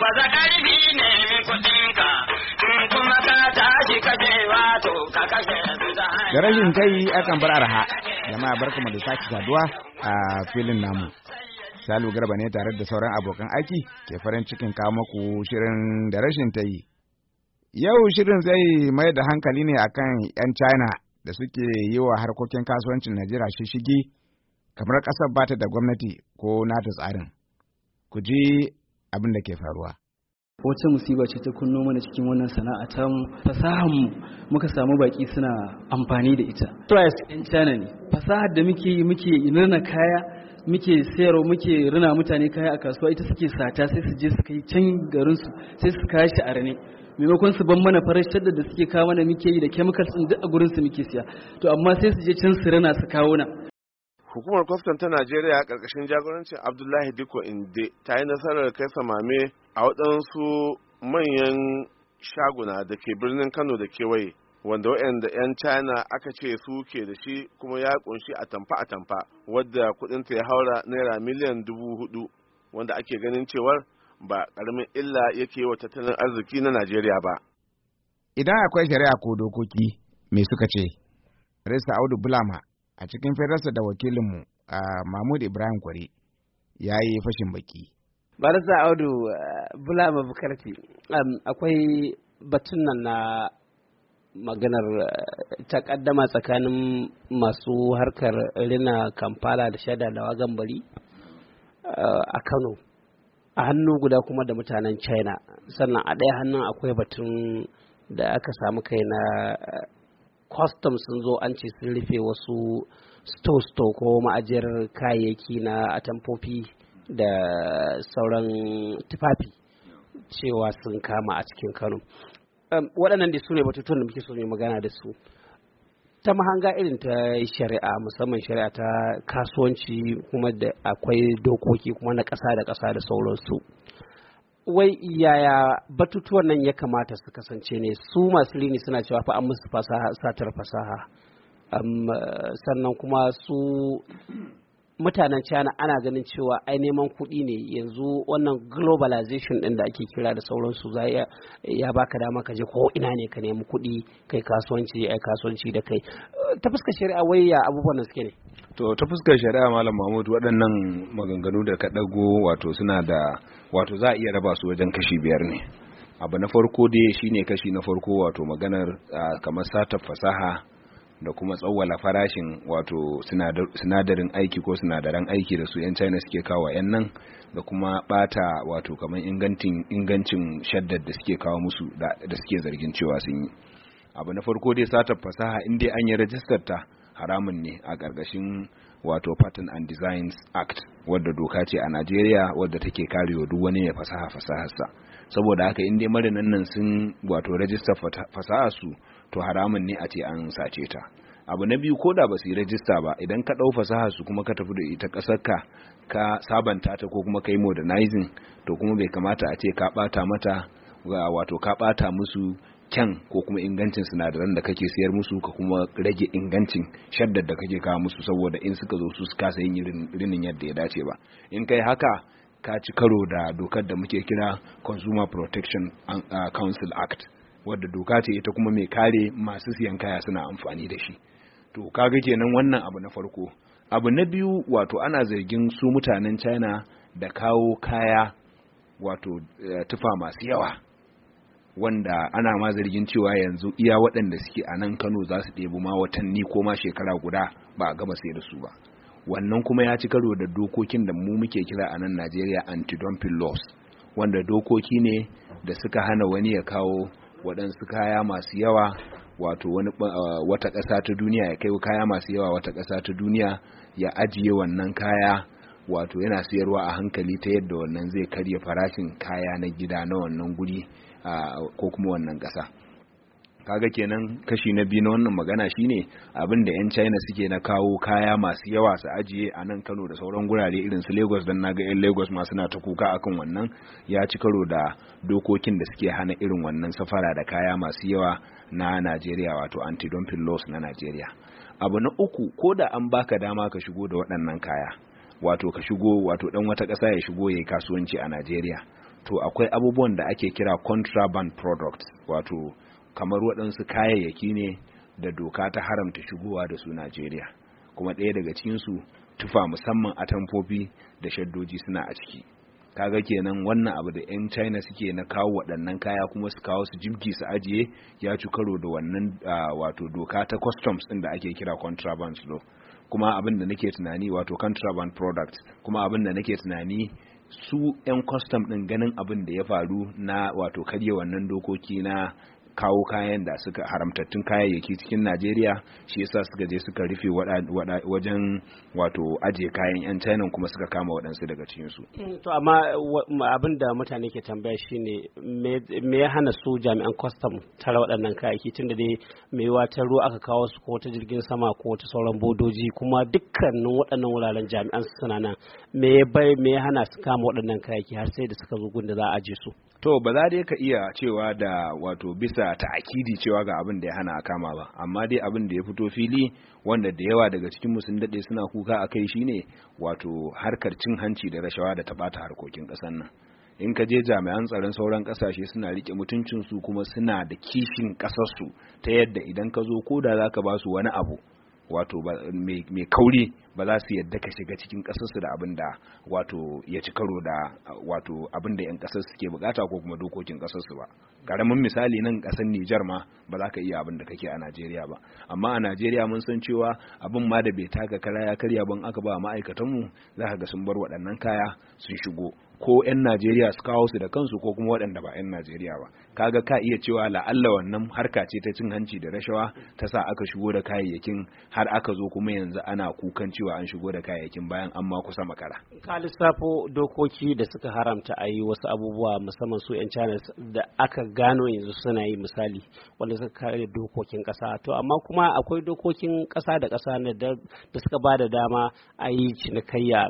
baza ƙarfi ne kuɗinka in kuma ka tashi ka je wato kashe su da da rashin kai akan bar arha jama'a mu da sake saduwa a filin namu Salu Garba ne tare da sauran abokan aiki ke farin cikin kawo muku shirin da rashin ta yi. Yau shirin zai mai da hankali ne akan 'yan China da suke yi wa harkokin kasuwancin Najeriya shishigi kamar ƙasar bata da gwamnati ko nata tsarin. Ku ji abin da ke faruwa wacce musiba ce ta kunno mana cikin wannan sana'a ta fasahar mu muka samu baki suna amfani da ita toys in china ne fasahar da muke yi muke nuna kaya muke sayarwa muke rina mutane kaya a kasuwa ita suke sata sai su je su kai can garin su sai su kawo shi a rane maimakon su ban mana farar da suke kawo mana muke yi da chemicals din duk a gurin su muke siya to amma sai su je can su rina su kawo na hukumar kwastam ta najeriya karkashin jagorancin abdullahi diko inde ta yi nasarar kai samame a waɗansu manyan shaguna da ke birnin kano da kewaye wanda waɗanda 'yan china aka ce su ke da shi kuma ya kunshi atamfa atamfa wadda kudinta ya haura naira miliyan dubu hudu wanda ake ganin cewar ba ƙaramin illa yake wa tattalin arziki na najeriya ba idan akwai shari'a ko dokoki me suka ce risa audu bulama a cikin firarsa da wakilinmu a mahmud ibrahim kwari ya yi fashin baki barisa audu eh, bula bukarti akwai batun nan na maganar eh, ta kaddama tsakanin masu harkar rina Kampala da shaida da wagan eh, a kano a hannu guda kuma da mutanen china sannan a ɗaya hannun akwai batun da aka samu kai na kwastam sun zo an ce sun rufe wasu store-store ko ma'ajiyar kayayyaki na atamfofi da sauran tufafi cewa sun kama a cikin kano waɗannan da su ne batutuwan da muke so mai magana da su ta mahanga irin ta shari'a musamman shari'a ta kasuwanci kuma da akwai dokoki kuma na ƙasa da ƙasa da sauransu wai yaya batutuwan nan ya kamata su kasance ne su masu lini suna cewa fa an musu fasaha satar fasaha sannan kuma su mutanen china ana ganin cewa ai neman kuɗi ne yanzu wannan globalization ɗin da ake kira da sauransu za ya, baka dama ka je ko ina ne ka nemi kuɗi kai kasuwanci ai kasuwanci da kai ta fuskar shari'a wai ya abubuwan suke ne to ta fuskar shari'a malam mahmud waɗannan maganganu da ka ɗago wato suna da wato za a iya raba su wajen kashi biyar ne abu na farko dai shine kashi na farko wato maganar kamar satar fasaha da kuma tsawwala farashin wato sinadarin aiki ko sinadaran aiki da su 'yan china suke kawo 'yan nan da kuma bata wato kamar ingancin shaddar da suke kawo musu da suke zargin cewa sun yi abu na farko dai satar fasaha in dai an yi rajistar ta haramun ne a ƙarƙashin wato patent and designs act wadda doka ce a najeriya wadda take karewa duk wani mai fasaha fasaharsa saboda haka in dai marinan nan sun wato rajistar fasaha su to haramun ne a ce an sace ta abu na biyu ko da ba su yi rajista ba idan ka ɗau fasaha su kuma ka tafi da ita ƙasar ka ka sabanta ta ko kuma ka yi modernizing to kuma bai kamata a ce ka ɓata mata wato ka ɓata musu kyan ko kuma ingancin sinadaran da kake sayar musu ka kuma rage ingancin shaddar da kake kawo musu saboda in suka zo su kasa yin rinin yadda ya dace ba in kai haka ka ci karo da dokar da muke kira consumer protection uh, uh, council act wadda doka ce ita kuma mai kare masu siyan kaya suna amfani da shi to kaga kenan wannan abu na farko abu na biyu wato ana zargin su mutanen china da kawo kaya wato uh, tufa masu yawa wanda ana ma zargin cewa yanzu iya waɗanda suke a nan kano za su ɗebi ma watanni ko ma shekara guda ba a gama sai da su ba wannan kuma ya ci karo da dokokin da mu muke kira a nan najeriya anti-dumping laws wanda dokoki ne da suka hana wani ya kawo waɗansu kaya masu yawa wato wani ah, wata ƙasa ta duniya ya kai kaya masu yawa wata ƙasa ta duniya ya ajiye wannan kaya wato yana siyarwa a hankali ta yadda wannan zai karya farashin kaya na gida na wannan guri ko kuma wannan ƙasa kaga kenan kashi na biyu na wannan magana shine abin da 'yan china suke na kawo kaya masu yawa su ajiye a nan kano da sauran gurare irin su lagos don naga 'yan lagos masu na ta kuka akan wannan ya ci karo da dokokin da suke hana irin wannan safara da kaya masu yawa na nigeria wato anti-dumping laws na nigeria. abu na uku ko da an baka dama ka shigo da waɗannan kaya wato ka shigo wato ɗan wata ƙasa ya shigo ya kasuwanci a najeriya to akwai abubuwan da ake kira contraband products wato kamar waɗansu kayayyaki ne da doka ta haramta shigowa da su najeriya kuma ɗaya daga cikinsu tufa musamman atamfofi da shaddoji suna a ciki kaga kenan wannan abu da 'yan china suke na kawo waɗannan kaya kuma su kawo su jibgi su ajiye ya ci karo da wannan ah, wato doka ta customs ɗin da ake kira contraband law kuma abin da nake tunani wato contraband Products kuma abin da nake tunani su 'yan kwastam ɗin ganin abin da ya faru na wato karye wannan dokoki na kawo kayan da suka haramtattun kayayyaki cikin najeriya shi yasa suka je suka rufe wajen wato ajiye kayan yan china kuma suka kama waɗansu daga cikinsu mm, to amma abin da mutane ke tambaya shine me ya hana su jami'an kwastam tara waɗannan kayayyaki tunda dai me yiwa ta ruwa aka kawo su ko ta jirgin sama ko ta sauran bodoji kuma dukkanin waɗannan wuraren jami'an suna nan me ya hana su kama waɗannan kayayyaki har sai da suka zo gunda za a aje su to ba za dai ka iya cewa da wato bisa ta'akidi cewa ga abin da ya hana a kama ba amma dai abin da ya fito fili wanda da yawa daga cikin mu sun dade suna kuka a kai shine wato harkar cin hanci da rashawa da ta bata harkokin ƙasar nan in ka je jami'an tsaron sauran kasashe suna rike mutuncinsu kuma suna da kishin ƙasarsu ta yadda idan ka zo ko da za ka ba su wani abu wato mai kauri ba za su yadda ka shiga cikin kasarsu da abin da wato ya ci karo da wato abin da 'yan ƙasar suke bukata ko kuma dokokin ƙasarsu ba karamin misali nan kasar Nijar ma ba za ka iya abin da kake a Najeriya ba amma a Najeriya mun san cewa abin ma da bai taka kara ya karya ban aka ba ma'aikatanmu za ka ga sun bar waɗannan kaya sun shigo ko 'yan Najeriya su kawo su da kansu ko kuma waɗanda ba 'yan Najeriya ba kaga ka iya cewa la'alla wannan harka ce ta cin hanci da rashawa ta sa aka shigo da kayayyakin har aka zo kuma yanzu ana kukan cewa an shigo da kayayyakin bayan an ma kusa makara ka lissafo dokoki da suka haramta a yi wasu abubuwa musamman su 'yan China da aka gano yanzu suna yi misali wanda suka kare dokokin ƙasa to amma kuma akwai dokokin ƙasa da ƙasa da suka ba da dama a yi cinikayya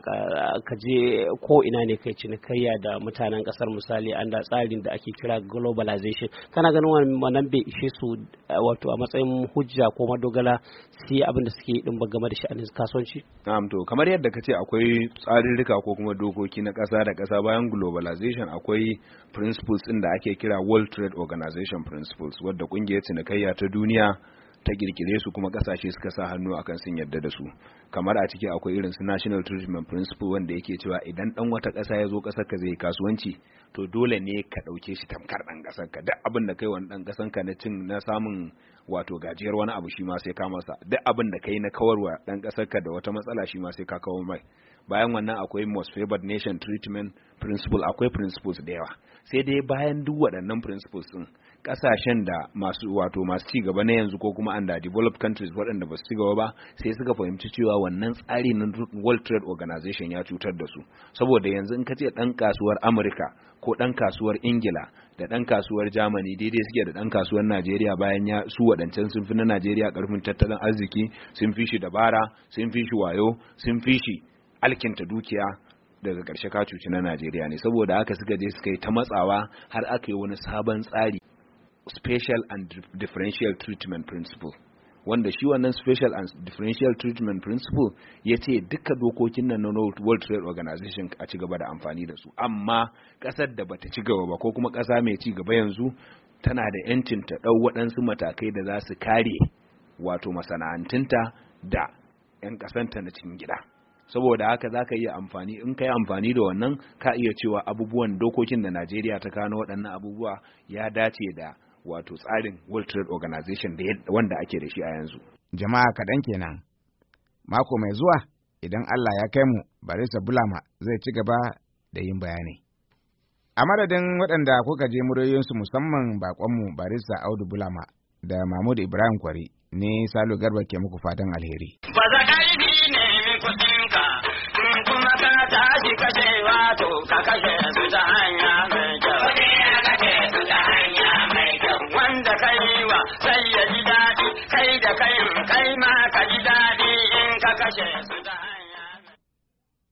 ka je ko ina ne kai cinikayya cinikayya da mutanen kasar misali an da tsarin da ake kira globalization kana ganin wannan bai ishe su eh, wato a matsayin hujja ko madogala sai abin da suke din ba game da sha'anin kasuwanci na'am to kamar yadda ka ce akwai tsarirrika ko kuma dokoki na kasa da kasa bayan globalization akwai principles din da ake kira World Trade Organization principles wadda kungiyar cinikayya ta duniya ta girgire su kuma kasashe suka sa hannu akan sun yarda da su kamar a ciki akwai irin su national treatment principle wanda yake cewa idan dan wata kasa ya zo kasar ka zai kasuwanci to dole ne ka dauke shi tamkar dan kasar ka duk abin da kai wani dan kasar ka na cin na samun wato gajiyar wani abu shi ma sai ka masa duk abin da kai na kawarwa dan kasar ka da wata matsala shi ma sai ka kawo mai bayan wannan akwai most favored nation treatment principle akwai principles da yawa sai dai bayan duk waɗannan principles din kasashen da masu wato masu ci gaba na yanzu ko kuma under developed countries waɗanda ba su ci gaba ba sai suka fahimci cewa wannan tsari na World Trade Organization ya cutar da su saboda yanzu in ka ce dan kasuwar Amurka ko dan kasuwar Ingila da dan kasuwar Germany daidai suke da dan kasuwar Najeriya bayan ya su waɗancan sun fi na Najeriya karfin tattalin arziki sun fi shi dabara sun fi shi wayo sun fi shi alkinta dukiya daga ƙarshe ka cuci na Najeriya ne saboda haka suka je suka yi ta matsawa har aka yi wani sabon tsari special and differential treatment principle wanda shi wannan special and differential treatment principle ya ce duka dokokin nan na world trade organization a ci gaba da amfani da su amma kasar da bata ci gaba ba ko kuma kasa mai ci gaba yanzu tana da yancin ta dau waɗansu matakai da za su kare wato masana'antunta da 'yan kasanta na cikin gida saboda haka za ka iya amfani in ka yi amfani da wannan ka iya cewa abubuwan dokokin da najeriya ta kano waɗannan abubuwa ya dace da wato tsarin World Trade Organization da wanda ake da shi a yanzu. Jama'a kaɗan kenan. Mako mai zuwa idan Allah ya kai mu Barisa Bulama zai ci gaba da yin bayani. A madadin waɗanda kuka je muryoyinsu musamman baƙonmu Barisa Audu Bulama da Mahmud Ibrahim Kwari ne salo Garba ke muku fatan alheri. Ba za ka yi ne kuɗinka, kuma ka tashi wato ka kashe su sai ya ji daɗi kai da kai ma ka ji daɗi in ka kashe su